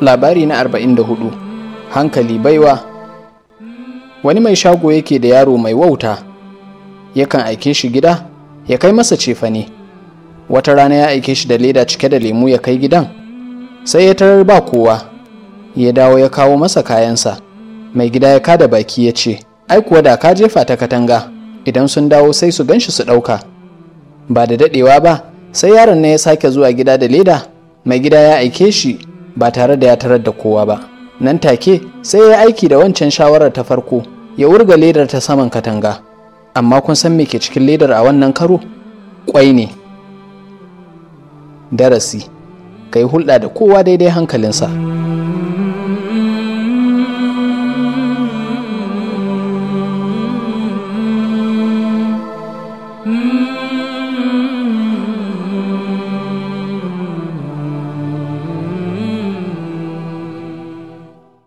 labari na 44 hankali baiwa wani mai shago yake da yaro mai wauta yakan aike shi gida ya kai masa cefane wata rana ya aike shi da leda cike da lemu ya kai gidan sai ya tarar ba kowa ya dawo ya kawo masa kayansa mai gida ya kada baki ya ce ai kuwa da ka jefa ta katanga idan sun dawo sai su ganshi su ɗauka ba da daɗewa ba sai yaron na ya sake zuwa gida da leda mai gida ya aike shi ba tare da ya tarar da kowa ba nan take sai ya aiki da wancan shawarar ta farko ya wurga ledar ta saman katanga amma kun san me ke cikin ledar a wannan karo kwai ne darasi ka yi hulɗa da kowa daidai hankalinsa mm-hmm.